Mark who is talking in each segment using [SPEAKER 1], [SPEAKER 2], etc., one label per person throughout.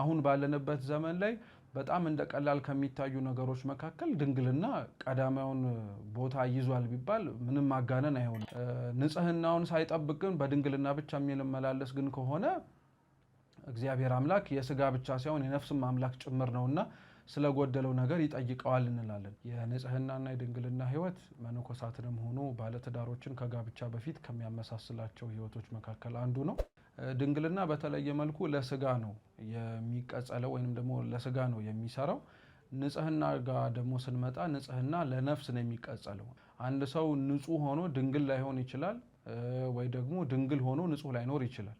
[SPEAKER 1] አሁን ባለንበት ዘመን ላይ በጣም እንደ ቀላል ከሚታዩ ነገሮች መካከል ድንግልና ቀዳሚውን ቦታ ይዟል ቢባል ምንም ማጋነን አይሆንም። ንጽህናውን ሳይጠብቅ ግን በድንግልና ብቻ የሚመላለስ ግን ከሆነ እግዚአብሔር አምላክ የስጋ ብቻ ሳይሆን የነፍስም አምላክ ጭምር ነውና ስለጎደለው ነገር ይጠይቀዋል እንላለን። የንጽህናና የድንግልና ህይወት መነኮሳትንም ሆኑ ባለትዳሮችን ከጋብቻ በፊት ከሚያመሳስላቸው ህይወቶች መካከል አንዱ ነው። ድንግልና በተለየ መልኩ ለስጋ ነው የሚቀጸለው ወይም ደግሞ ለስጋ ነው የሚሰራው። ንጽህና ጋር ደግሞ ስንመጣ ንጽህና ለነፍስ ነው የሚቀጸለው። አንድ ሰው ንጹህ ሆኖ ድንግል ላይሆን ይችላል፣ ወይ ደግሞ ድንግል ሆኖ ንጹህ ላይኖር ይችላል።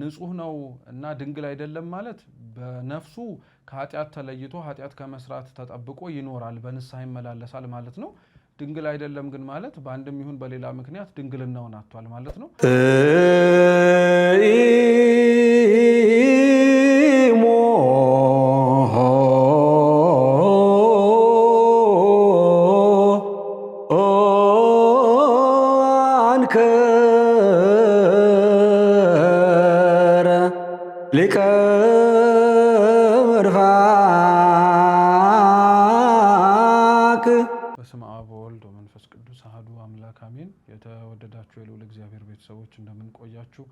[SPEAKER 1] ንጹህ ነው እና ድንግል አይደለም ማለት በነፍሱ ከኃጢአት ተለይቶ ኃጢአት ከመስራት ተጠብቆ ይኖራል፣ በንስሐ ይመላለሳል ማለት ነው። ድንግል አይደለም ግን ማለት በአንድም ይሁን በሌላ ምክንያት ድንግልናውን አጥቷል ማለት ነው። እግዚአብሔር ቤተሰቦች እንደምንቆያችሁ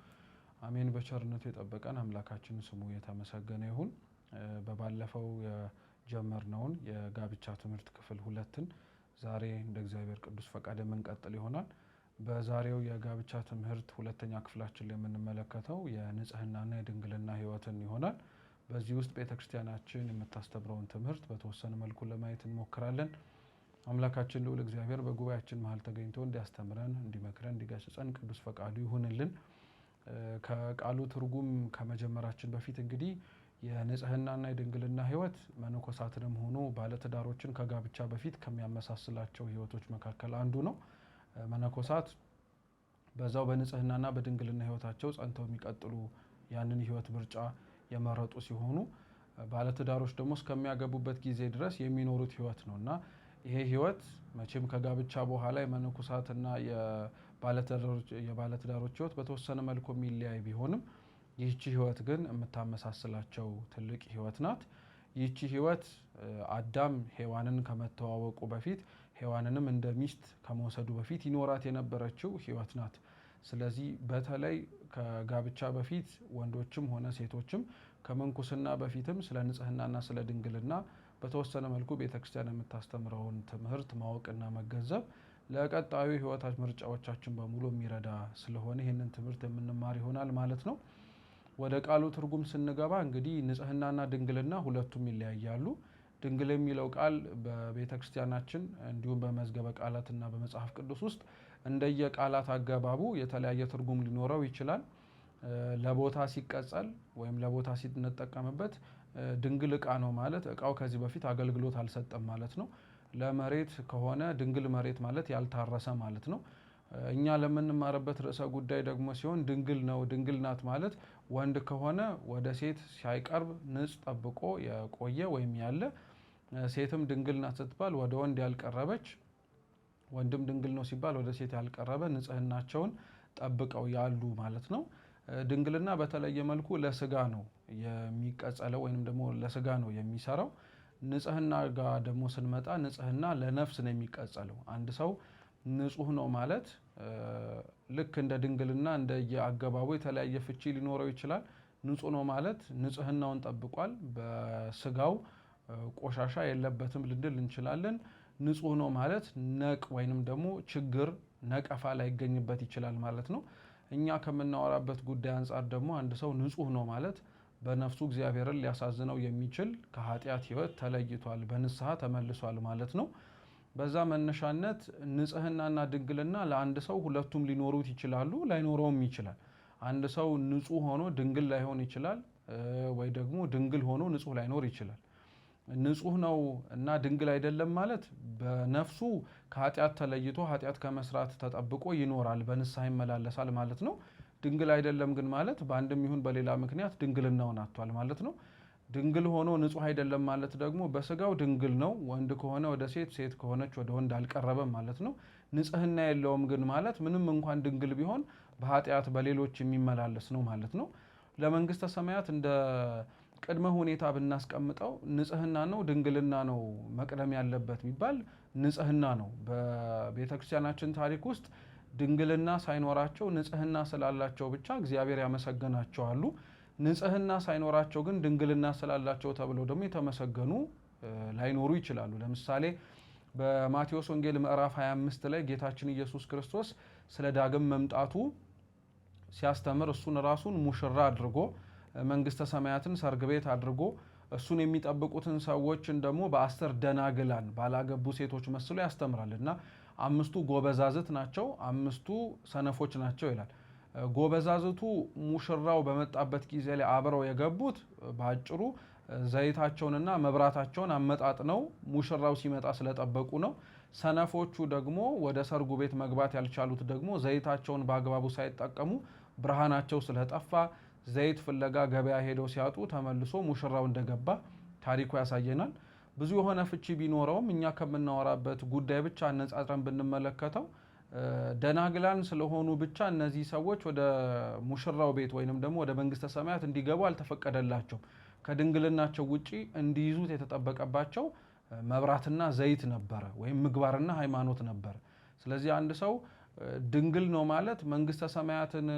[SPEAKER 1] አሜን። በቸርነቱ የጠበቀን አምላካችን ስሙ የተመሰገነ ይሁን። በባለፈው የጀመርነውን የጋብቻ ትምህርት ክፍል ሁለትን ዛሬ እንደ እግዚአብሔር ቅዱስ ፈቃድ የምንቀጥል ይሆናል። በዛሬው የጋብቻ ትምህርት ሁለተኛ ክፍላችን ላይ የምንመለከተው የንጽህናና የድንግልና ህይወትን ይሆናል። በዚህ ውስጥ ቤተክርስቲያናችን የምታስተምረውን ትምህርት በተወሰነ መልኩ ለማየት እንሞክራለን። አምላካችን ልዑል እግዚአብሔር በጉባኤያችን መሀል ተገኝቶ እንዲያስተምረን፣ እንዲመክረን፣ እንዲገስጸን ቅዱስ ፈቃዱ ይሁንልን። ከቃሉ ትርጉም ከመጀመራችን በፊት እንግዲህ የንጽህናና የድንግልና ህይወት መነኮሳትንም ሆኑ ባለትዳሮችን ከጋብቻ በፊት ከሚያመሳስላቸው ህይወቶች መካከል አንዱ ነው። መነኮሳት በዛው በንጽህናና በድንግልና ህይወታቸው ጸንተው የሚቀጥሉ ያንን ህይወት ምርጫ የመረጡ ሲሆኑ ባለትዳሮች ደግሞ እስከሚያገቡበት ጊዜ ድረስ የሚኖሩት ህይወት ነው እና ይሄ ህይወት መቼም ከጋብቻ በኋላ የመነኩሳትና የባለትዳሮች ህይወት በተወሰነ መልኩ የሚለያይ ቢሆንም ይህቺ ህይወት ግን የምታመሳስላቸው ትልቅ ህይወት ናት። ይህቺ ህይወት አዳም ሔዋንን ከመተዋወቁ በፊት ሔዋንንም እንደ ሚስት ከመውሰዱ በፊት ይኖራት የነበረችው ህይወት ናት። ስለዚህ በተለይ ከጋብቻ በፊት ወንዶችም ሆነ ሴቶችም ከመንኩስና በፊትም ስለ ንጽህናና ስለ ድንግልና በተወሰነ መልኩ ቤተክርስቲያን የምታስተምረውን ትምህርት ማወቅና መገንዘብ ለቀጣዩ ህይወት ምርጫዎቻችን በሙሉ የሚረዳ ስለሆነ ይህንን ትምህርት የምንማር ይሆናል ማለት ነው። ወደ ቃሉ ትርጉም ስንገባ እንግዲህ ንጽህናና ድንግልና ሁለቱም ይለያያሉ። ድንግል የሚለው ቃል በቤተ ክርስቲያናችን እንዲሁም በመዝገበ ቃላትና በመጽሐፍ ቅዱስ ውስጥ እንደየ ቃላት አገባቡ የተለያየ ትርጉም ሊኖረው ይችላል። ለቦታ ሲቀጸል ወይም ለቦታ ሲንጠቀምበት ድንግል እቃ ነው ማለት እቃው ከዚህ በፊት አገልግሎት አልሰጠም ማለት ነው። ለመሬት ከሆነ ድንግል መሬት ማለት ያልታረሰ ማለት ነው። እኛ ለምንማርበት ርዕሰ ጉዳይ ደግሞ ሲሆን ድንግል ነው ድንግል ናት ማለት ወንድ ከሆነ ወደ ሴት ሳይቀርብ ንጽ ጠብቆ የቆየ ወይም ያለ፣ ሴትም ድንግል ናት ስትባል ወደ ወንድ ያልቀረበች፣ ወንድም ድንግል ነው ሲባል ወደ ሴት ያልቀረበ ንጽህናቸውን ጠብቀው ያሉ ማለት ነው። ድንግልና በተለየ መልኩ ለስጋ ነው የሚቀጸለው ወይም ደግሞ ለስጋ ነው የሚሰራው። ንጽህና ጋር ደግሞ ስንመጣ ንጽህና ለነፍስ ነው የሚቀጸለው። አንድ ሰው ንጹህ ነው ማለት ልክ እንደ ድንግልና እንደየአገባቡ የተለያየ ፍቺ ሊኖረው ይችላል። ንጹህ ነው ማለት ንጽህናውን ጠብቋል፣ በስጋው ቆሻሻ የለበትም ልንል እንችላለን። ንጹህ ነው ማለት ነቅ ወይንም ደግሞ ችግር፣ ነቀፋ ላይገኝበት ይችላል ማለት ነው። እኛ ከምናወራበት ጉዳይ አንጻር ደግሞ አንድ ሰው ንጹህ ነው ማለት በነፍሱ እግዚአብሔርን ሊያሳዝነው የሚችል ከኃጢአት ህይወት ተለይቷል፣ በንስሐ ተመልሷል ማለት ነው። በዛ መነሻነት ንጽህናና ድንግልና ለአንድ ሰው ሁለቱም ሊኖሩት ይችላሉ፣ ላይኖረውም ይችላል። አንድ ሰው ንጹህ ሆኖ ድንግል ላይሆን ይችላል፣ ወይ ደግሞ ድንግል ሆኖ ንጹህ ላይኖር ይችላል። ንጹህ ነው እና ድንግል አይደለም ማለት በነፍሱ ከኃጢአት ተለይቶ ኃጢአት ከመስራት ተጠብቆ ይኖራል፣ በንስሐ ይመላለሳል ማለት ነው። ድንግል አይደለም ግን ማለት በአንድም ይሁን በሌላ ምክንያት ድንግልናውን አጥቷል ማለት ነው። ድንግል ሆኖ ንጹህ አይደለም ማለት ደግሞ በስጋው ድንግል ነው፣ ወንድ ከሆነ ወደ ሴት፣ ሴት ከሆነች ወደ ወንድ አልቀረበም ማለት ነው። ንጽህና የለውም ግን ማለት ምንም እንኳን ድንግል ቢሆን በኃጢአት በሌሎች የሚመላለስ ነው ማለት ነው። ለመንግስተ ሰማያት እንደ ቅድመ ሁኔታ ብናስቀምጠው ንጽህና ነው፣ ድንግልና ነው መቅደም ያለበት ቢባል ንጽህና ነው። በቤተክርስቲያናችን ታሪክ ውስጥ ድንግልና ሳይኖራቸው ንጽህና ስላላቸው ብቻ እግዚአብሔር ያመሰገናቸው አሉ። ንጽህና ሳይኖራቸው ግን ድንግልና ስላላቸው ተብለው ደግሞ የተመሰገኑ ላይኖሩ ይችላሉ። ለምሳሌ በማቴዎስ ወንጌል ምዕራፍ 25 ላይ ጌታችን ኢየሱስ ክርስቶስ ስለ ዳግም መምጣቱ ሲያስተምር እሱን ራሱን ሙሽራ አድርጎ መንግስተ ሰማያትን ሰርግ ቤት አድርጎ እሱን የሚጠብቁትን ሰዎችን ደግሞ በአስር ደናግላን ባላገቡ ሴቶች መስሎ ያስተምራል እና አምስቱ ጎበዛዝት ናቸው፣ አምስቱ ሰነፎች ናቸው ይላል። ጎበዛዝቱ ሙሽራው በመጣበት ጊዜ ላይ አብረው የገቡት በአጭሩ ዘይታቸውንና መብራታቸውን አመጣጥ ነው ሙሽራው ሲመጣ ስለጠበቁ ነው። ሰነፎቹ ደግሞ ወደ ሰርጉ ቤት መግባት ያልቻሉት ደግሞ ዘይታቸውን በአግባቡ ሳይጠቀሙ ብርሃናቸው ስለጠፋ ዘይት ፍለጋ ገበያ ሄደው ሲያጡ ተመልሶ ሙሽራው እንደገባ ታሪኩ ያሳየናል። ብዙ የሆነ ፍቺ ቢኖረውም እኛ ከምናወራበት ጉዳይ ብቻ አነጻጽረን ብንመለከተው ደናግላን ስለሆኑ ብቻ እነዚህ ሰዎች ወደ ሙሽራው ቤት ወይንም ደግሞ ወደ መንግስተ ሰማያት እንዲገቡ አልተፈቀደላቸውም። ከድንግልናቸው ውጪ እንዲይዙት የተጠበቀባቸው መብራትና ዘይት ነበረ፣ ወይም ምግባርና ሃይማኖት ነበረ። ስለዚህ አንድ ሰው ድንግል ነው ማለት መንግስተ ሰማያትን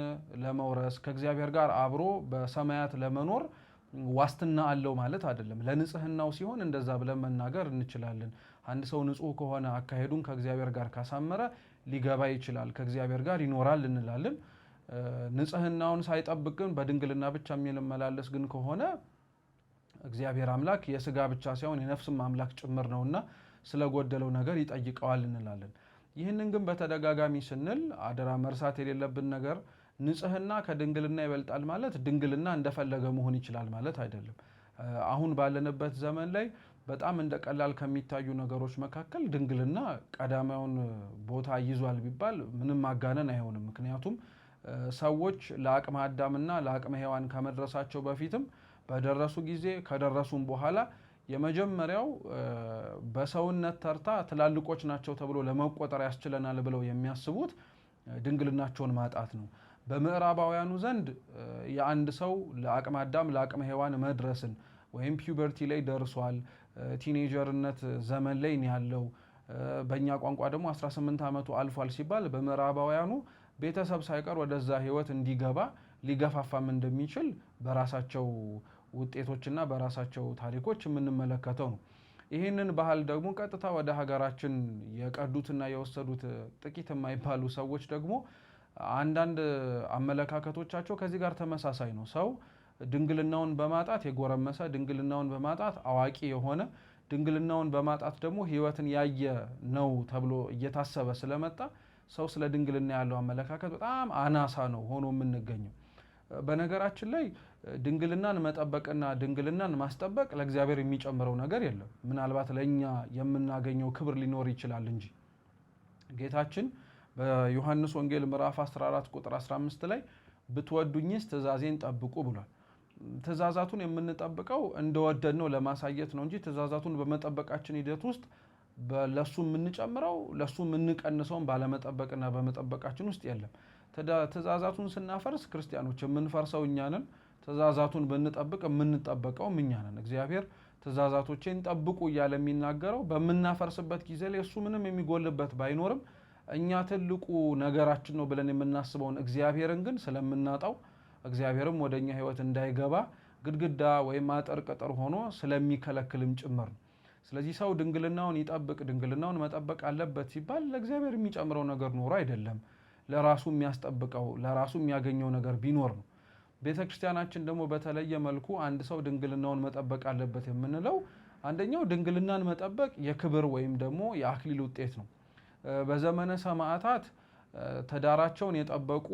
[SPEAKER 1] ለመውረስ ከእግዚአብሔር ጋር አብሮ በሰማያት ለመኖር ዋስትና አለው ማለት አይደለም። ለንጽህናው ሲሆን እንደዛ ብለን መናገር እንችላለን። አንድ ሰው ንጹህ ከሆነ አካሄዱን ከእግዚአብሔር ጋር ካሳመረ ሊገባ ይችላል፣ ከእግዚአብሔር ጋር ይኖራል እንላለን። ንጽህናውን ሳይጠብቅን በድንግልና ብቻ የሚመላለስ ግን ከሆነ እግዚአብሔር አምላክ የስጋ ብቻ ሳይሆን የነፍስም አምላክ ጭምር ነውና ስለጎደለው ነገር ይጠይቀዋል እንላለን። ይህንን ግን በተደጋጋሚ ስንል አደራ መርሳት የሌለብን ነገር ንጽህና ከድንግልና ይበልጣል ማለት ድንግልና እንደፈለገ መሆን ይችላል ማለት አይደለም። አሁን ባለንበት ዘመን ላይ በጣም እንደ ቀላል ከሚታዩ ነገሮች መካከል ድንግልና ቀዳሚውን ቦታ ይዟል ቢባል ምንም ማጋነን አይሆንም። ምክንያቱም ሰዎች ለአቅመ አዳምና ለአቅመ ሔዋን ከመድረሳቸው በፊትም በደረሱ ጊዜ ከደረሱም በኋላ የመጀመሪያው በሰውነት ተርታ ትላልቆች ናቸው ተብሎ ለመቆጠር ያስችለናል ብለው የሚያስቡት ድንግልናቸውን ማጣት ነው። በምዕራባውያኑ ዘንድ የአንድ ሰው ለአቅመ አዳም ለአቅመ ሔዋን መድረስን ወይም ፒውበርቲ ላይ ደርሷል፣ ቲኔጀርነት ዘመን ላይ ያለው በእኛ ቋንቋ ደግሞ 18 ዓመቱ አልፏል ሲባል በምዕራባውያኑ ቤተሰብ ሳይቀር ወደዛ ህይወት እንዲገባ ሊገፋፋም እንደሚችል በራሳቸው ውጤቶችና በራሳቸው ታሪኮች የምንመለከተው ነው። ይህንን ባህል ደግሞ ቀጥታ ወደ ሀገራችን የቀዱትና የወሰዱት ጥቂት የማይባሉ ሰዎች ደግሞ አንዳንድ አመለካከቶቻቸው ከዚህ ጋር ተመሳሳይ ነው። ሰው ድንግልናውን በማጣት የጎረመሰ፣ ድንግልናውን በማጣት አዋቂ የሆነ፣ ድንግልናውን በማጣት ደግሞ ሕይወትን ያየ ነው ተብሎ እየታሰበ ስለመጣ ሰው ስለ ድንግልና ያለው አመለካከት በጣም አናሳ ነው ሆኖ የምንገኘው በነገራችን ላይ ድንግልናን መጠበቅና ድንግልናን ማስጠበቅ ለእግዚአብሔር የሚጨምረው ነገር የለም። ምናልባት ለእኛ የምናገኘው ክብር ሊኖር ይችላል እንጂ ጌታችን በዮሐንስ ወንጌል ምዕራፍ 14 ቁጥር 15 ላይ ብትወዱኝስ ትእዛዜን ጠብቁ ብሏል። ትእዛዛቱን የምንጠብቀው እንደወደድ ነው ለማሳየት ነው እንጂ ትእዛዛቱን በመጠበቃችን ሂደት ውስጥ ለሱ የምንጨምረው ለሱ የምንቀንሰውን ባለመጠበቅና በመጠበቃችን ውስጥ የለም። ትእዛዛቱን ስናፈርስ ክርስቲያኖች የምንፈርሰው እኛንን ትእዛዛቱን ብንጠብቅ የምንጠበቀው እኛ ነን። እግዚአብሔር ትእዛዛቶቼን ጠብቁ እያለ የሚናገረው በምናፈርስበት ጊዜ ላይ እሱ ምንም የሚጎልበት ባይኖርም እኛ ትልቁ ነገራችን ነው ብለን የምናስበውን እግዚአብሔርን ግን ስለምናጣው እግዚአብሔርም ወደ እኛ ህይወት እንዳይገባ ግድግዳ ወይም አጥር ቅጥር ሆኖ ስለሚከለክልም ጭምር ነው። ስለዚህ ሰው ድንግልናውን ይጠብቅ፣ ድንግልናውን መጠበቅ አለበት ሲባል ለእግዚአብሔር የሚጨምረው ነገር ኖሮ አይደለም፣ ለራሱ የሚያስጠብቀው ለራሱ የሚያገኘው ነገር ቢኖር ነው። ቤተ ክርስቲያናችን ደግሞ በተለየ መልኩ አንድ ሰው ድንግልናውን መጠበቅ አለበት የምንለው አንደኛው ድንግልናን መጠበቅ የክብር ወይም ደግሞ የአክሊል ውጤት ነው። በዘመነ ሰማዕታት ትዳራቸውን የጠበቁ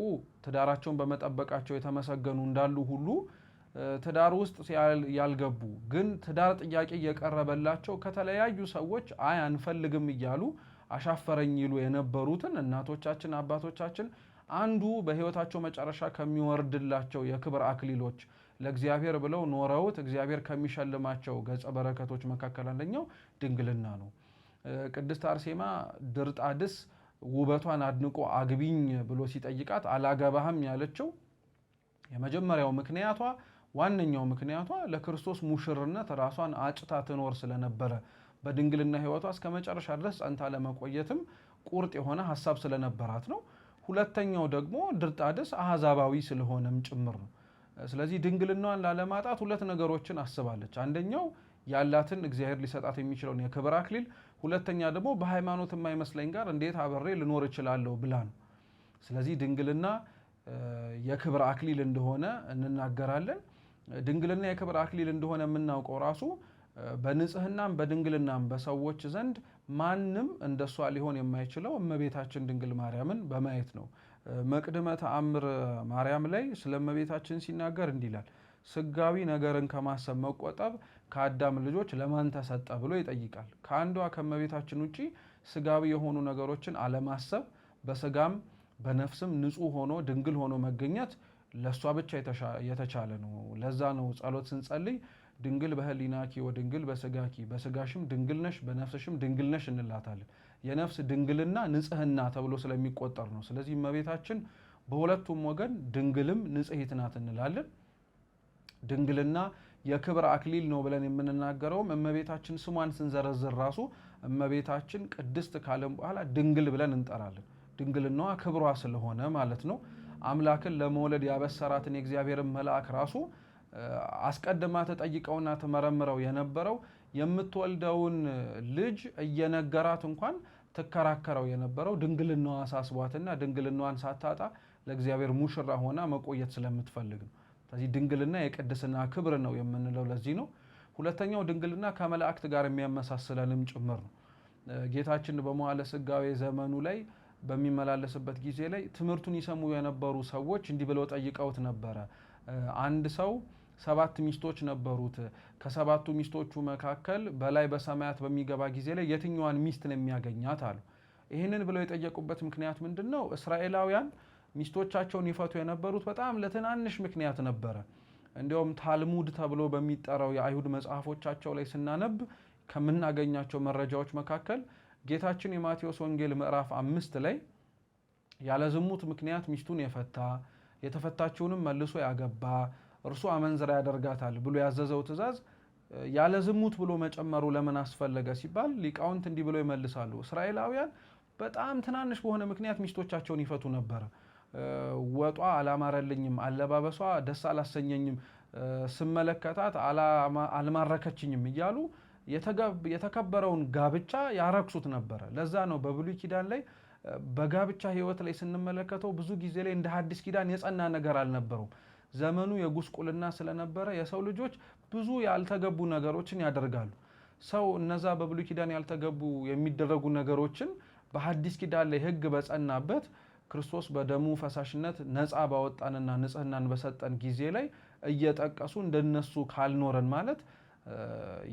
[SPEAKER 1] ትዳራቸውን በመጠበቃቸው የተመሰገኑ እንዳሉ ሁሉ ትዳር ውስጥ ያልገቡ ግን ትዳር ጥያቄ እየቀረበላቸው ከተለያዩ ሰዎች አይ አንፈልግም እያሉ አሻፈረኝ ይሉ የነበሩትን እናቶቻችን አባቶቻችን አንዱ በህይወታቸው መጨረሻ ከሚወርድላቸው የክብር አክሊሎች ለእግዚአብሔር ብለው ኖረውት እግዚአብሔር ከሚሸልማቸው ገጸ በረከቶች መካከል አንደኛው ድንግልና ነው። ቅድስት አርሴማ ድርጣድስ ውበቷን አድንቆ አግቢኝ ብሎ ሲጠይቃት አላገባህም ያለችው የመጀመሪያው ምክንያቷ ዋነኛው ምክንያቷ ለክርስቶስ ሙሽርነት ራሷን አጭታ ትኖር ስለነበረ በድንግልና ህይወቷ እስከ መጨረሻ ድረስ ጸንታ ለመቆየትም ቁርጥ የሆነ ሀሳብ ስለነበራት ነው። ሁለተኛው ደግሞ ድርጣድስ አህዛባዊ ስለሆነም ጭምር ነው። ስለዚህ ድንግልናዋን ላለማጣት ሁለት ነገሮችን አስባለች። አንደኛው ያላትን እግዚአብሔር ሊሰጣት የሚችለውን የክብር አክሊል፣ ሁለተኛ ደግሞ በሃይማኖት የማይመስለኝ ጋር እንዴት አብሬ ልኖር እችላለሁ ብላ ነው። ስለዚህ ድንግልና የክብር አክሊል እንደሆነ እንናገራለን። ድንግልና የክብር አክሊል እንደሆነ የምናውቀው ራሱ በንጽህናም በድንግልናም በሰዎች ዘንድ ማንም እንደሷ ሊሆን የማይችለው እመቤታችን ድንግል ማርያምን በማየት ነው። መቅድመ ተአምር ማርያም ላይ ስለ እመቤታችን ሲናገር እንዲህ ይላል፣ ስጋዊ ነገርን ከማሰብ መቆጠብ ከአዳም ልጆች ለማን ተሰጠ ብሎ ይጠይቃል። ከአንዷ ከእመቤታችን ውጪ ስጋዊ የሆኑ ነገሮችን አለማሰብ፣ በስጋም በነፍስም ንጹሕ ሆኖ ድንግል ሆኖ መገኘት ለእሷ ብቻ የተቻለ ነው። ለዛ ነው ጸሎት ስንጸልይ ድንግል በህሊናኪ ወድንግል በስጋኪ በስጋሽም ድንግል ነሽ በነፍስሽም ድንግል ነሽ እንላታለን። የነፍስ ድንግልና ንጽህና ተብሎ ስለሚቆጠር ነው። ስለዚህ እመቤታችን በሁለቱም ወገን ድንግልም ንጽሕት ናት እንላለን። ድንግልና የክብር አክሊል ነው ብለን የምንናገረውም እመቤታችን ስሟን ስንዘረዝር ራሱ እመቤታችን ቅድስት ካለም በኋላ ድንግል ብለን እንጠራለን። ድንግልናዋ ክብሯ ስለሆነ ማለት ነው። አምላክን ለመውለድ ያበሰራትን የእግዚአብሔርን መልአክ ራሱ አስቀድማ ተጠይቀውና ተመረምረው የነበረው የምትወልደውን ልጅ እየነገራት እንኳን ትከራከረው የነበረው ድንግልናዋ ሳስቧትና ድንግልናዋን ሳታጣ ለእግዚአብሔር ሙሽራ ሆና መቆየት ስለምትፈልግ ነው። ስለዚህ ድንግልና የቅድስና ክብር ነው የምንለው ለዚህ ነው። ሁለተኛው ድንግልና ከመላእክት ጋር የሚያመሳስለንም ጭምር ነው። ጌታችን በመዋለ ስጋዌ ዘመኑ ላይ በሚመላለስበት ጊዜ ላይ ትምህርቱን ይሰሙ የነበሩ ሰዎች እንዲህ ብለው ጠይቀውት ነበረ አንድ ሰው ሰባት ሚስቶች ነበሩት። ከሰባቱ ሚስቶቹ መካከል በላይ በሰማያት በሚገባ ጊዜ ላይ የትኛዋን ሚስት ነው የሚያገኛት አሉ። ይህንን ብለው የጠየቁበት ምክንያት ምንድን ነው? እስራኤላውያን ሚስቶቻቸውን ይፈቱ የነበሩት በጣም ለትናንሽ ምክንያት ነበረ። እንዲያውም ታልሙድ ተብሎ በሚጠራው የአይሁድ መጽሐፎቻቸው ላይ ስናነብ ከምናገኛቸው መረጃዎች መካከል ጌታችን የማቴዎስ ወንጌል ምዕራፍ አምስት ላይ ያለ ዝሙት ምክንያት ሚስቱን የፈታ የተፈታችውንም መልሶ ያገባ እርሱ አመንዝራ ያደርጋታል ብሎ ያዘዘው ትእዛዝ ያለ ዝሙት ብሎ መጨመሩ ለምን አስፈለገ ሲባል ሊቃውንት እንዲህ ብለው ይመልሳሉ። እስራኤላውያን በጣም ትናንሽ በሆነ ምክንያት ሚስቶቻቸውን ይፈቱ ነበረ። ወጧ አላማረልኝም፣ አለባበሷ ደስ አላሰኘኝም፣ ስመለከታት አልማረከችኝም እያሉ የተከበረውን ጋብቻ ያረክሱት ነበረ። ለዛ ነው በብሉይ ኪዳን ላይ በጋብቻ ህይወት ላይ ስንመለከተው ብዙ ጊዜ ላይ እንደ ሐዲስ ኪዳን የጸና ነገር አልነበረውም። ዘመኑ የጉስቁልና ስለነበረ የሰው ልጆች ብዙ ያልተገቡ ነገሮችን ያደርጋሉ። ሰው እነዛ በብሉ ኪዳን ያልተገቡ የሚደረጉ ነገሮችን በሐዲስ ኪዳን ላይ ህግ በጸናበት ክርስቶስ በደሙ ፈሳሽነት ነፃ ባወጣንና ንጽህናን በሰጠን ጊዜ ላይ እየጠቀሱ እንደነሱ ካልኖረን ማለት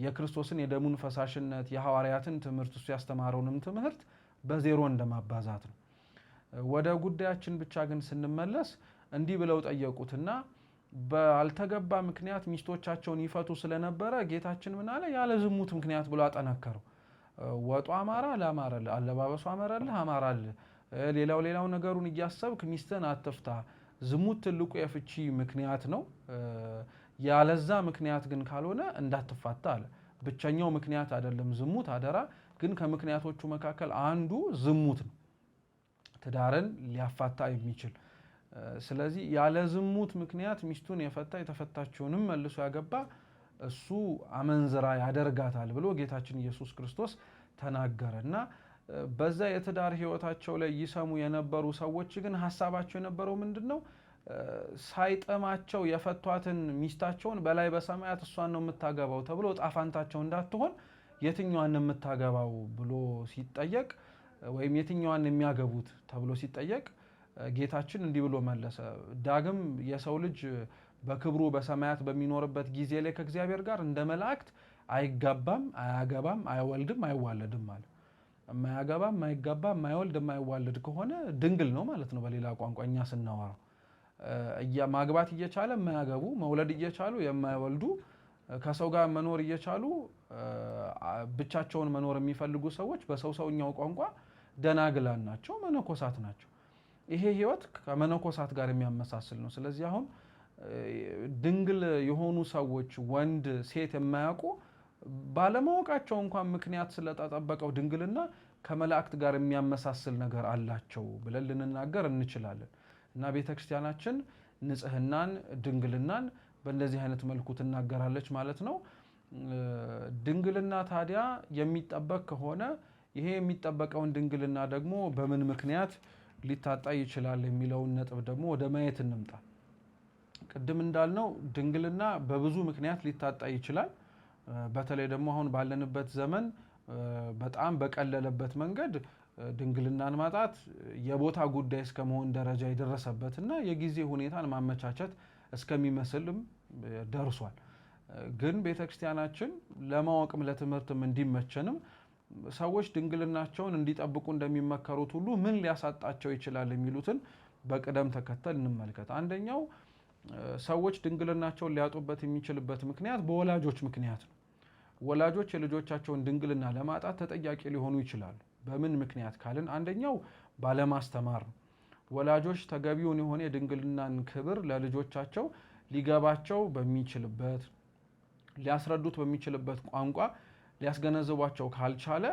[SPEAKER 1] የክርስቶስን የደሙን ፈሳሽነት የሐዋርያትን ትምህርት እሱ ያስተማረውንም ትምህርት በዜሮ እንደማባዛት ነው። ወደ ጉዳያችን ብቻ ግን ስንመለስ እንዲህ ብለው ጠየቁትና ባልተገባ ምክንያት ሚስቶቻቸውን ይፈቱ ስለነበረ ጌታችን ምን አለ? ያለ ዝሙት ምክንያት ብሎ አጠነከረው። ወጡ አማራ ለአማረል አለባበሱ አማረልህ አማራል ሌላው ሌላው ነገሩን እያሰብክ ሚስትን አትፍታ። ዝሙት ትልቁ የፍቺ ምክንያት ነው። ያለዛ ምክንያት ግን ካልሆነ እንዳትፋታ አለ። ብቸኛው ምክንያት አይደለም ዝሙት አደራ ግን ከምክንያቶቹ መካከል አንዱ ዝሙት ነው፣ ትዳርን ሊያፋታ የሚችል ስለዚህ ያለ ዝሙት ምክንያት ሚስቱን የፈታ የተፈታችውንም መልሶ ያገባ እሱ አመንዝራ ያደርጋታል ብሎ ጌታችን ኢየሱስ ክርስቶስ ተናገረ እና በዛ የትዳር ህይወታቸው ላይ ይሰሙ የነበሩ ሰዎች ግን ሀሳባቸው የነበረው ምንድን ነው? ሳይጠማቸው የፈቷትን ሚስታቸውን በላይ በሰማያት እሷን ነው የምታገባው ተብሎ ጣፋንታቸው እንዳትሆን የትኛዋን የምታገባው ብሎ ሲጠየቅ ወይም የትኛዋን የሚያገቡት ተብሎ ሲጠየቅ ጌታችን እንዲህ ብሎ መለሰ። ዳግም የሰው ልጅ በክብሩ በሰማያት በሚኖርበት ጊዜ ላይ ከእግዚአብሔር ጋር እንደ መላእክት አይጋባም፣ አያገባም፣ አይወልድም፣ አይዋለድም አለ። የማያገባ የማይጋባ የማይወልድ የማይዋለድ ከሆነ ድንግል ነው ማለት ነው። በሌላ ቋንቋ እኛ ስናወራ ማግባት እየቻለ የማያገቡ መውለድ እየቻሉ የማይወልዱ ከሰው ጋር መኖር እየቻሉ ብቻቸውን መኖር የሚፈልጉ ሰዎች በሰው ሰውኛው ቋንቋ ደናግላን ናቸው፣ መነኮሳት ናቸው። ይሄ ህይወት ከመነኮሳት ጋር የሚያመሳስል ነው። ስለዚህ አሁን ድንግል የሆኑ ሰዎች ወንድ ሴት የማያውቁ ባለማወቃቸው እንኳን ምክንያት ስለተጠበቀው ድንግልና ከመላእክት ጋር የሚያመሳስል ነገር አላቸው ብለን ልንናገር እንችላለን እና ቤተ ክርስቲያናችን ንጽህናን፣ ድንግልናን በእንደዚህ አይነት መልኩ ትናገራለች ማለት ነው። ድንግልና ታዲያ የሚጠበቅ ከሆነ ይሄ የሚጠበቀውን ድንግልና ደግሞ በምን ምክንያት ሊታጣ ይችላል የሚለውን ነጥብ ደግሞ ወደ ማየት እንምጣ። ቅድም እንዳልነው ድንግልና በብዙ ምክንያት ሊታጣ ይችላል። በተለይ ደግሞ አሁን ባለንበት ዘመን በጣም በቀለለበት መንገድ ድንግልናን ማጣት የቦታ ጉዳይ እስከመሆን ደረጃ የደረሰበት እና የጊዜ ሁኔታን ማመቻቸት እስከሚመስልም ደርሷል። ግን ቤተክርስቲያናችን ለማወቅም ለትምህርትም እንዲመቸንም ሰዎች ድንግልናቸውን እንዲጠብቁ እንደሚመከሩት ሁሉ ምን ሊያሳጣቸው ይችላል የሚሉትን በቅደም ተከተል እንመልከት። አንደኛው ሰዎች ድንግልናቸውን ሊያጡበት የሚችልበት ምክንያት በወላጆች ምክንያት ነው። ወላጆች የልጆቻቸውን ድንግልና ለማጣት ተጠያቂ ሊሆኑ ይችላሉ። በምን ምክንያት ካልን አንደኛው ባለማስተማር ነው። ወላጆች ተገቢውን የሆነ የድንግልናን ክብር ለልጆቻቸው ሊገባቸው በሚችልበት ሊያስረዱት በሚችልበት ቋንቋ ሊያስገነዝቧቸው ካልቻለ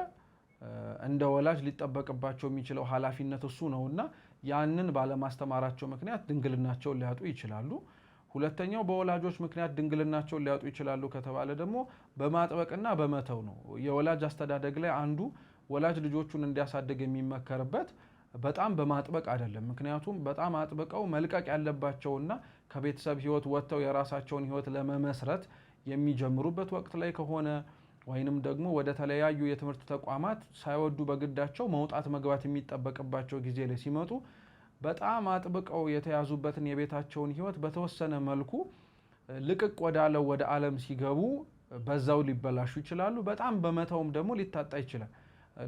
[SPEAKER 1] እንደ ወላጅ ሊጠበቅባቸው የሚችለው ኃላፊነት እሱ ነው እና ያንን ባለማስተማራቸው ምክንያት ድንግልናቸውን ሊያጡ ይችላሉ። ሁለተኛው በወላጆች ምክንያት ድንግልናቸውን ሊያጡ ይችላሉ ከተባለ ደግሞ በማጥበቅና በመተው ነው። የወላጅ አስተዳደግ ላይ አንዱ ወላጅ ልጆቹን እንዲያሳድግ የሚመከርበት በጣም በማጥበቅ አይደለም። ምክንያቱም በጣም አጥብቀው መልቀቅ ያለባቸውና ከቤተሰብ ሕይወት ወጥተው የራሳቸውን ሕይወት ለመመስረት የሚጀምሩበት ወቅት ላይ ከሆነ ወይንም ደግሞ ወደ ተለያዩ የትምህርት ተቋማት ሳይወዱ በግዳቸው መውጣት መግባት የሚጠበቅባቸው ጊዜ ላይ ሲመጡ በጣም አጥብቀው የተያዙበትን የቤታቸውን ሕይወት በተወሰነ መልኩ ልቅቅ ወዳለው ወደ ዓለም ሲገቡ በዛው ሊበላሹ ይችላሉ። በጣም በመተውም ደግሞ ሊታጣ ይችላል።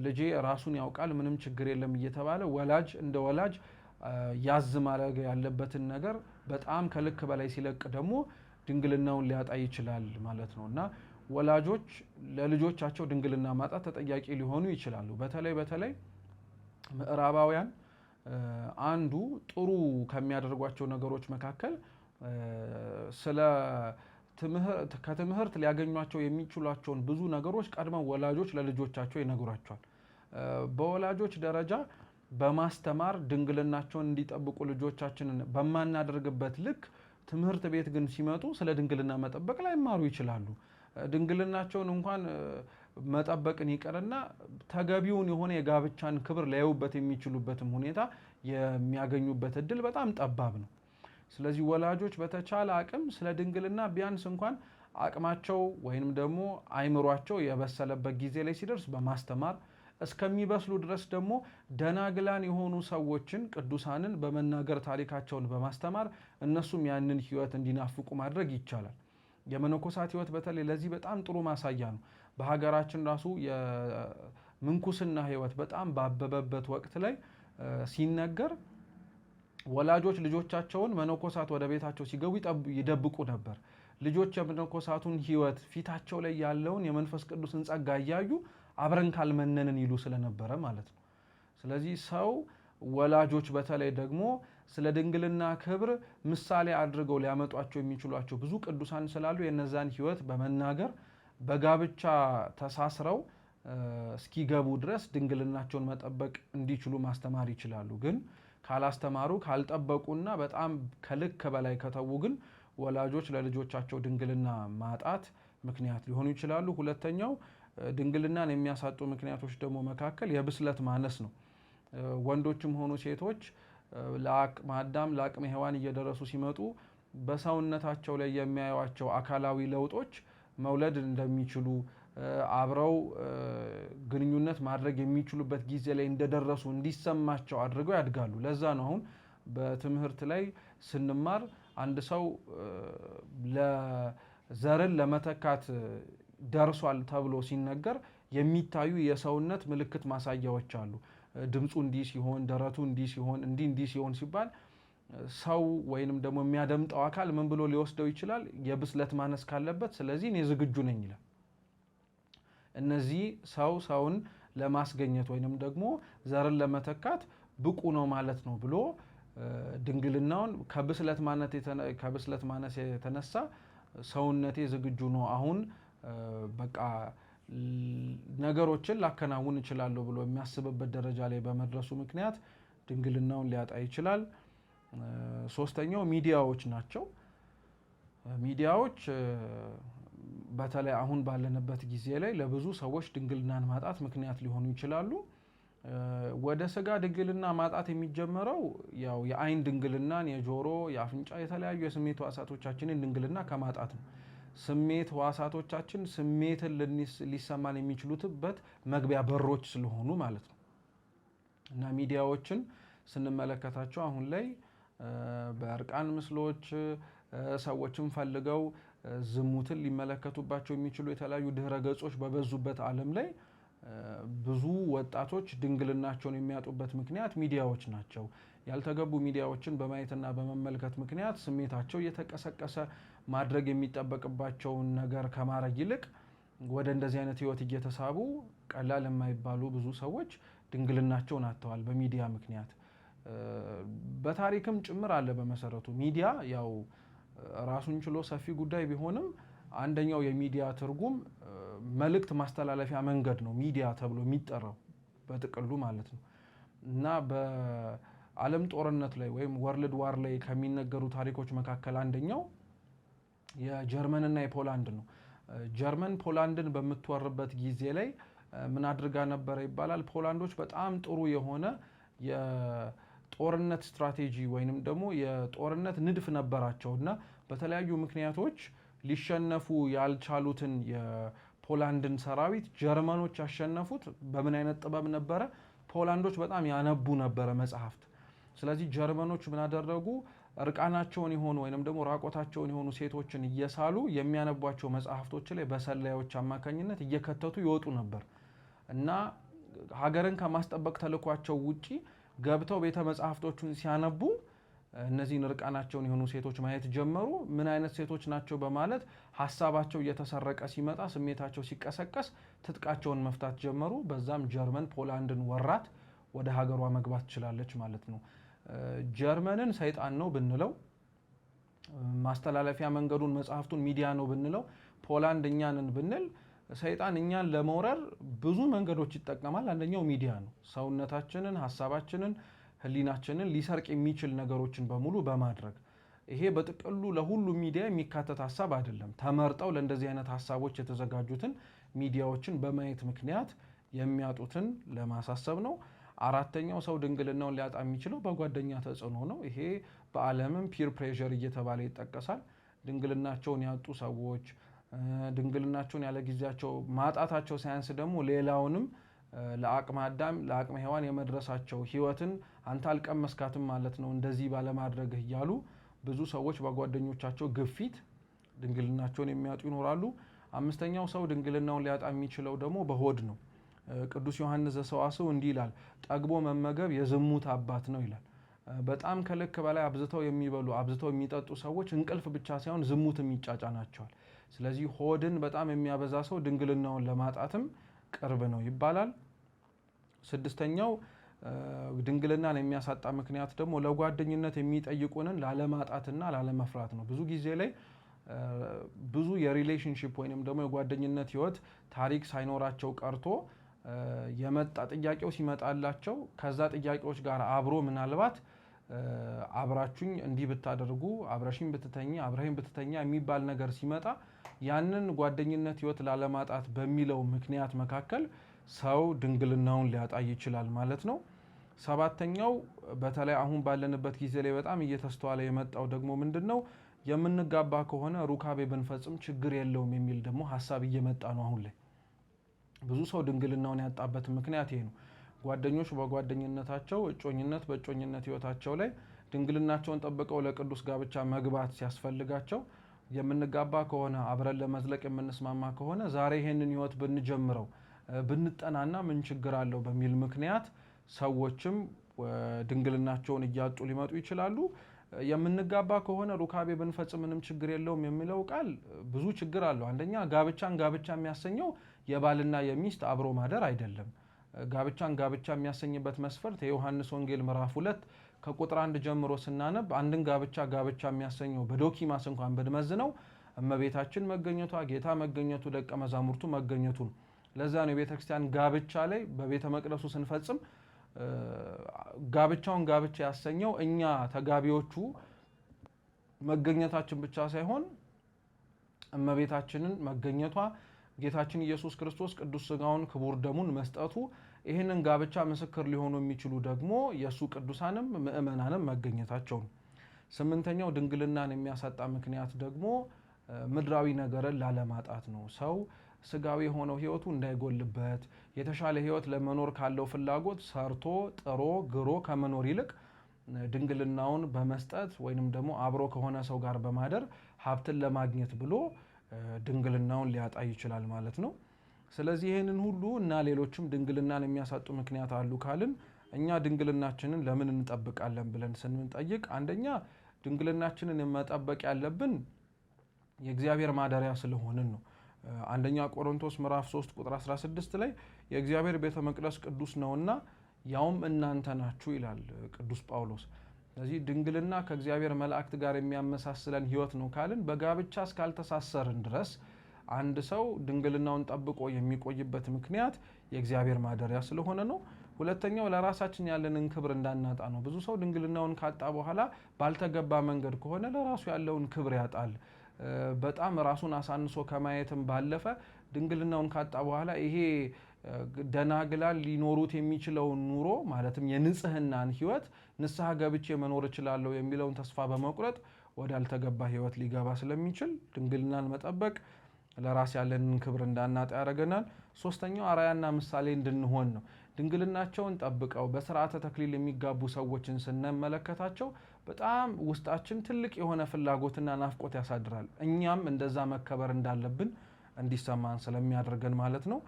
[SPEAKER 1] ልጄ ራሱን ያውቃል ምንም ችግር የለም እየተባለ ወላጅ እንደ ወላጅ ያዝ ማድረግ ያለበትን ነገር በጣም ከልክ በላይ ሲለቅ ደግሞ ድንግልናውን ሊያጣ ይችላል ማለት ነው እና ወላጆች ለልጆቻቸው ድንግልና ማጣት ተጠያቂ ሊሆኑ ይችላሉ። በተለይ በተለይ ምዕራባውያን አንዱ ጥሩ ከሚያደርጓቸው ነገሮች መካከል ስለ ከትምህርት ሊያገኟቸው የሚችሏቸውን ብዙ ነገሮች ቀድመው ወላጆች ለልጆቻቸው ይነግሯቸዋል። በወላጆች ደረጃ በማስተማር ድንግልናቸውን እንዲጠብቁ ልጆቻችንን በማናደርግበት ልክ ትምህርት ቤት ግን ሲመጡ ስለ ድንግልና መጠበቅ ላይማሩ ይችላሉ። ድንግልናቸውን እንኳን መጠበቅን ይቀርና ተገቢውን የሆነ የጋብቻን ክብር ሊያዩበት የሚችሉበትም ሁኔታ የሚያገኙበት እድል በጣም ጠባብ ነው። ስለዚህ ወላጆች በተቻለ አቅም ስለ ድንግልና ቢያንስ እንኳን አቅማቸው ወይንም ደግሞ አይምሯቸው የበሰለበት ጊዜ ላይ ሲደርስ በማስተማር እስከሚበስሉ ድረስ ደግሞ ደናግላን የሆኑ ሰዎችን ቅዱሳንን በመናገር ታሪካቸውን በማስተማር እነሱም ያንን ህይወት እንዲናፍቁ ማድረግ ይቻላል። የመነኮሳት ህይወት በተለይ ለዚህ በጣም ጥሩ ማሳያ ነው። በሀገራችን ራሱ የምንኩስና ህይወት በጣም ባበበበት ወቅት ላይ ሲነገር ወላጆች ልጆቻቸውን መነኮሳት ወደ ቤታቸው ሲገቡ ይደብቁ ነበር። ልጆች የመነኮሳቱን ህይወት ፊታቸው ላይ ያለውን የመንፈስ ቅዱስን ጸጋ እያዩ አብረን ካልመነንን ይሉ ስለነበረ ማለት ነው። ስለዚህ ሰው ወላጆች በተለይ ደግሞ ስለ ድንግልና ክብር ምሳሌ አድርገው ሊያመጧቸው የሚችሏቸው ብዙ ቅዱሳን ስላሉ የነዛን ሕይወት በመናገር በጋብቻ ተሳስረው እስኪገቡ ድረስ ድንግልናቸውን መጠበቅ እንዲችሉ ማስተማር ይችላሉ። ግን ካላስተማሩ ካልጠበቁና በጣም ከልክ በላይ ከተዉ ግን ወላጆች ለልጆቻቸው ድንግልና ማጣት ምክንያት ሊሆኑ ይችላሉ። ሁለተኛው ድንግልናን የሚያሳጡ ምክንያቶች ደግሞ መካከል የብስለት ማነስ ነው። ወንዶችም ሆኑ ሴቶች ለአቅመ አዳም ለአቅመ ሔዋን እየደረሱ ሲመጡ በሰውነታቸው ላይ የሚያዩቸው አካላዊ ለውጦች መውለድ እንደሚችሉ አብረው ግንኙነት ማድረግ የሚችሉበት ጊዜ ላይ እንደደረሱ እንዲሰማቸው አድርገው ያድጋሉ። ለዛ ነው አሁን በትምህርት ላይ ስንማር አንድ ሰው ለዘርን ለመተካት ደርሷል ተብሎ ሲነገር የሚታዩ የሰውነት ምልክት ማሳያዎች አሉ። ድምፁ እንዲህ ሲሆን፣ ደረቱ እንዲህ ሲሆን፣ እንዲህ እንዲህ ሲሆን ሲባል ሰው ወይንም ደግሞ የሚያደምጠው አካል ምን ብሎ ሊወስደው ይችላል? የብስለት ማነስ ካለበት ስለዚህ እኔ ዝግጁ ነኝ ይላል። እነዚህ ሰው ሰውን ለማስገኘት ወይንም ደግሞ ዘርን ለመተካት ብቁ ነው ማለት ነው ብሎ ድንግልናውን ከብስለት ማነስ የተነሳ ሰውነቴ ዝግጁ ነው አሁን በቃ ነገሮችን ላከናውን እችላለሁ ብሎ የሚያስብበት ደረጃ ላይ በመድረሱ ምክንያት ድንግልናውን ሊያጣ ይችላል። ሶስተኛው ሚዲያዎች ናቸው። ሚዲያዎች በተለይ አሁን ባለንበት ጊዜ ላይ ለብዙ ሰዎች ድንግልናን ማጣት ምክንያት ሊሆኑ ይችላሉ። ወደ ስጋ ድንግልና ማጣት የሚጀመረው ያው የአይን ድንግልናን፣ የጆሮ፣ የአፍንጫ የተለያዩ የስሜት ሕዋሳቶቻችንን ድንግልና ከማጣት ነው። ስሜት ህዋሳቶቻችን ስሜትን ሊሰማን የሚችሉትበት መግቢያ በሮች ስለሆኑ ማለት ነው እና ሚዲያዎችን ስንመለከታቸው አሁን ላይ በእርቃን ምስሎች ሰዎችን ፈልገው ዝሙትን ሊመለከቱባቸው የሚችሉ የተለያዩ ድህረ ገጾች በበዙበት ዓለም ላይ ብዙ ወጣቶች ድንግልናቸውን የሚያጡበት ምክንያት ሚዲያዎች ናቸው። ያልተገቡ ሚዲያዎችን በማየትና በመመልከት ምክንያት ስሜታቸው እየተቀሰቀሰ ማድረግ የሚጠበቅባቸውን ነገር ከማድረግ ይልቅ ወደ እንደዚህ አይነት ህይወት እየተሳቡ ቀላል የማይባሉ ብዙ ሰዎች ድንግልናቸውን አጥተዋል በሚዲያ ምክንያት። በታሪክም ጭምር አለ። በመሰረቱ ሚዲያ ያው ራሱን ችሎ ሰፊ ጉዳይ ቢሆንም አንደኛው የሚዲያ ትርጉም መልእክት ማስተላለፊያ መንገድ ነው ሚዲያ ተብሎ የሚጠራው በጥቅሉ ማለት ነው። እና በዓለም ጦርነት ላይ ወይም ወርልድ ዋር ላይ ከሚነገሩ ታሪኮች መካከል አንደኛው የጀርመንና የፖላንድ ነው። ጀርመን ፖላንድን በምትወርበት ጊዜ ላይ ምን አድርጋ ነበረ ይባላል። ፖላንዶች በጣም ጥሩ የሆነ የጦርነት ስትራቴጂ ወይንም ደግሞ የጦርነት ንድፍ ነበራቸው እና በተለያዩ ምክንያቶች ሊሸነፉ ያልቻሉትን የፖላንድን ሰራዊት ጀርመኖች ያሸነፉት በምን አይነት ጥበብ ነበረ? ፖላንዶች በጣም ያነቡ ነበረ መጽሐፍት። ስለዚህ ጀርመኖች ምን አደረጉ? እርቃናቸውን የሆኑ ወይም ደግሞ ራቆታቸውን የሆኑ ሴቶችን እየሳሉ የሚያነቧቸው መጽሐፍቶች ላይ በሰላዮች አማካኝነት እየከተቱ ይወጡ ነበር እና ሀገርን ከማስጠበቅ ተልኳቸው ውጪ ገብተው ቤተ መጽሐፍቶቹን ሲያነቡ እነዚህን እርቃናቸውን የሆኑ ሴቶች ማየት ጀመሩ። ምን አይነት ሴቶች ናቸው በማለት ሀሳባቸው እየተሰረቀ ሲመጣ፣ ስሜታቸው ሲቀሰቀስ ትጥቃቸውን መፍታት ጀመሩ። በዛም ጀርመን ፖላንድን ወራት፣ ወደ ሀገሯ መግባት ትችላለች ማለት ነው። ጀርመንን ሰይጣን ነው ብንለው፣ ማስተላለፊያ መንገዱን መጽሐፍቱን ሚዲያ ነው ብንለው፣ ፖላንድ እኛንን ብንል ሰይጣን እኛን ለመውረር ብዙ መንገዶች ይጠቀማል። አንደኛው ሚዲያ ነው። ሰውነታችንን፣ ሀሳባችንን፣ ህሊናችንን ሊሰርቅ የሚችል ነገሮችን በሙሉ በማድረግ ይሄ በጥቅሉ ለሁሉ ሚዲያ የሚካተት ሀሳብ አይደለም። ተመርጠው ለእንደዚህ አይነት ሀሳቦች የተዘጋጁትን ሚዲያዎችን በማየት ምክንያት የሚያጡትን ለማሳሰብ ነው። አራተኛው ሰው ድንግልናውን ሊያጣ የሚችለው በጓደኛ ተጽዕኖ ነው። ይሄ በዓለምም ፒር ፕሬዠር እየተባለ ይጠቀሳል። ድንግልናቸውን ያጡ ሰዎች ድንግልናቸውን ያለ ጊዜያቸው ማጣታቸው ሳያንስ ደግሞ ሌላውንም ለአቅመ አዳም ለአቅመ ሔዋን የመድረሳቸው ህይወትን አንተ አልቀመስካትም ማለት ነው እንደዚህ ባለማድረግህ እያሉ ብዙ ሰዎች በጓደኞቻቸው ግፊት ድንግልናቸውን የሚያጡ ይኖራሉ። አምስተኛው ሰው ድንግልናውን ሊያጣ የሚችለው ደግሞ በሆድ ነው። ቅዱስ ዮሐንስ ዘሰዋስው እንዲህ ይላል፣ ጠግቦ መመገብ የዝሙት አባት ነው ይላል። በጣም ከልክ በላይ አብዝተው የሚበሉ አብዝተው የሚጠጡ ሰዎች እንቅልፍ ብቻ ሳይሆን የሚጫጫ ይጫጫናቸዋል። ስለዚህ ሆድን በጣም የሚያበዛ ሰው ድንግልናውን ለማጣትም ቅርብ ነው ይባላል። ስድስተኛው ድንግልናን የሚያሳጣ ምክንያት ደግሞ ለጓደኝነት የሚጠይቁንን ላለማጣትና ላለመፍራት ነው። ብዙ ጊዜ ላይ ብዙ የሪሌሽንሽፕ ወይንም ደግሞ የጓደኝነት ህይወት ታሪክ ሳይኖራቸው ቀርቶ የመጣ ጥያቄው ሲመጣላቸው ከዛ ጥያቄዎች ጋር አብሮ ምናልባት አብራችኝ እንዲህ ብታደርጉ አብረሽኝ ብትተኝ አብረሽኝ ብትተኛ የሚባል ነገር ሲመጣ ያንን ጓደኝነት ህይወት ላለማጣት በሚለው ምክንያት መካከል ሰው ድንግልናውን ሊያጣ ይችላል ማለት ነው። ሰባተኛው በተለይ አሁን ባለንበት ጊዜ ላይ በጣም እየተስተዋለ የመጣው ደግሞ ምንድን ነው የምንጋባ ከሆነ ሩካቤ ብንፈጽም ችግር የለውም የሚል ደግሞ ሀሳብ እየመጣ ነው አሁን ላይ ብዙ ሰው ድንግልናውን ያጣበት ምክንያት ይሄ ነው። ጓደኞች በጓደኝነታቸው እጮኝነት በእጮኝነት ህይወታቸው ላይ ድንግልናቸውን ጠብቀው ለቅዱስ ጋብቻ መግባት ሲያስፈልጋቸው የምንጋባ ከሆነ አብረን ለመዝለቅ የምንስማማ ከሆነ ዛሬ ይሄንን ህይወት ብንጀምረው ብንጠናና ምን ችግር አለው በሚል ምክንያት ሰዎችም ድንግልናቸውን እያጡ ሊመጡ ይችላሉ። የምንጋባ ከሆነ ሩካቤ ብንፈጽም ምንም ችግር የለውም የሚለው ቃል ብዙ ችግር አለው። አንደኛ ጋብቻን ጋብቻ የሚያሰኘው የባልና የሚስት አብሮ ማደር አይደለም። ጋብቻን ጋብቻ የሚያሰኝበት መስፈርት የዮሐንስ ወንጌል ምዕራፍ ሁለት ከቁጥር አንድ ጀምሮ ስናነብ አንድን ጋብቻ ጋብቻ የሚያሰኘው በዶኪማስ እንኳን ነው እመቤታችን መገኘቷ፣ ጌታ መገኘቱ፣ ደቀ መዛሙርቱ መገኘቱ ነው። ለዛ ነው የቤተ ክርስቲያን ጋብቻ ላይ በቤተ መቅደሱ ስንፈጽም ጋብቻውን ጋብቻ ያሰኘው እኛ ተጋቢዎቹ መገኘታችን ብቻ ሳይሆን እመቤታችንን መገኘቷ ጌታችን ኢየሱስ ክርስቶስ ቅዱስ ስጋውን ክቡር ደሙን መስጠቱ ይህንን ጋብቻ ምስክር ሊሆኑ የሚችሉ ደግሞ የእሱ ቅዱሳንም ምእመናንም መገኘታቸው ነው። ስምንተኛው ድንግልናን የሚያሳጣ ምክንያት ደግሞ ምድራዊ ነገርን ላለማጣት ነው። ሰው ስጋዊ የሆነው ህይወቱ እንዳይጎልበት የተሻለ ህይወት ለመኖር ካለው ፍላጎት ሰርቶ ጥሮ ግሮ ከመኖር ይልቅ ድንግልናውን በመስጠት ወይንም ደግሞ አብሮ ከሆነ ሰው ጋር በማደር ሀብትን ለማግኘት ብሎ ድንግልናውን ሊያጣ ይችላል ማለት ነው። ስለዚህ ይህንን ሁሉ እና ሌሎችም ድንግልናን የሚያሳጡ ምክንያት አሉ ካልን እኛ ድንግልናችንን ለምን እንጠብቃለን ብለን ስንጠይቅ አንደኛ ድንግልናችንን መጠበቅ ያለብን የእግዚአብሔር ማደሪያ ስለሆንን ነው። አንደኛ ቆሮንቶስ ምዕራፍ 3 ቁጥር 16 ላይ የእግዚአብሔር ቤተ መቅደስ ቅዱስ ነውና ያውም እናንተ ናችሁ ይላል ቅዱስ ጳውሎስ። ስለዚህ ድንግልና ከእግዚአብሔር መላእክት ጋር የሚያመሳስለን ህይወት ነው ካልን በጋብቻ እስካልተሳሰርን ድረስ አንድ ሰው ድንግልናውን ጠብቆ የሚቆይበት ምክንያት የእግዚአብሔር ማደሪያ ስለሆነ ነው። ሁለተኛው ለራሳችን ያለንን ክብር እንዳናጣ ነው። ብዙ ሰው ድንግልናውን ካጣ በኋላ ባልተገባ መንገድ ከሆነ ለራሱ ያለውን ክብር ያጣል። በጣም ራሱን አሳንሶ ከማየትም ባለፈ ድንግልናውን ካጣ በኋላ ይሄ ደናግላን ሊኖሩት የሚችለውን ኑሮ ማለትም የንጽህናን ህይወት ንስሐ ገብቼ መኖር እችላለሁ የሚለውን ተስፋ በመቁረጥ ወዳልተገባ ህይወት ሊገባ ስለሚችል ድንግልናን መጠበቅ ለራስ ያለንን ክብር እንዳናጣ ያደረገናል። ሶስተኛው አራያና ምሳሌ እንድንሆን ነው። ድንግልናቸውን ጠብቀው በስርዓተ ተክሊል የሚጋቡ ሰዎችን ስንመለከታቸው በጣም ውስጣችን ትልቅ የሆነ ፍላጎትና ናፍቆት ያሳድራል። እኛም እንደዛ መከበር እንዳለብን እንዲሰማን ስለሚያደርገን ማለት ነው።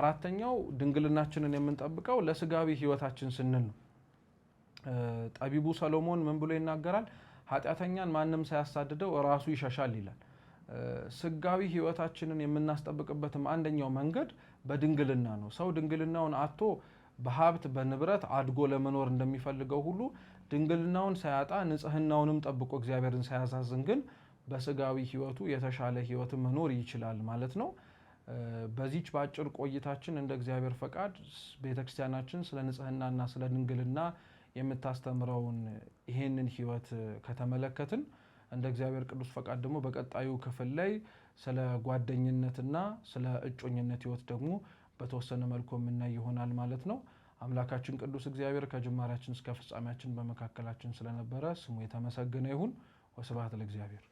[SPEAKER 1] አራተኛው ድንግልናችንን የምንጠብቀው ለስጋዊ ህይወታችን ስንል ነው። ጠቢቡ ሰሎሞን ምን ብሎ ይናገራል? ኃጢአተኛን ማንም ሳያሳድደው ራሱ ይሸሻል ይላል። ስጋዊ ህይወታችንን የምናስጠብቅበትም አንደኛው መንገድ በድንግልና ነው። ሰው ድንግልናውን አቶ በሀብት በንብረት አድጎ ለመኖር እንደሚፈልገው ሁሉ ድንግልናውን ሳያጣ ንጽህናውንም ጠብቆ እግዚአብሔርን ሳያሳዝን ግን በስጋዊ ህይወቱ የተሻለ ህይወት መኖር ይችላል ማለት ነው። በዚች በአጭር ቆይታችን እንደ እግዚአብሔር ፈቃድ ቤተክርስቲያናችን ስለ ንጽህናና ስለ ድንግልና የምታስተምረውን ይሄንን ህይወት ከተመለከትን እንደ እግዚአብሔር ቅዱስ ፈቃድ ደግሞ በቀጣዩ ክፍል ላይ ስለ ጓደኝነትና ስለ እጮኝነት ህይወት ደግሞ በተወሰነ መልኩ የምናይ ይሆናል ማለት ነው። አምላካችን ቅዱስ እግዚአብሔር ከጅማሬያችን እስከ ፍጻሜያችን በመካከላችን ስለነበረ ስሙ የተመሰገነ ይሁን። ወስብሐት ለእግዚአብሔር።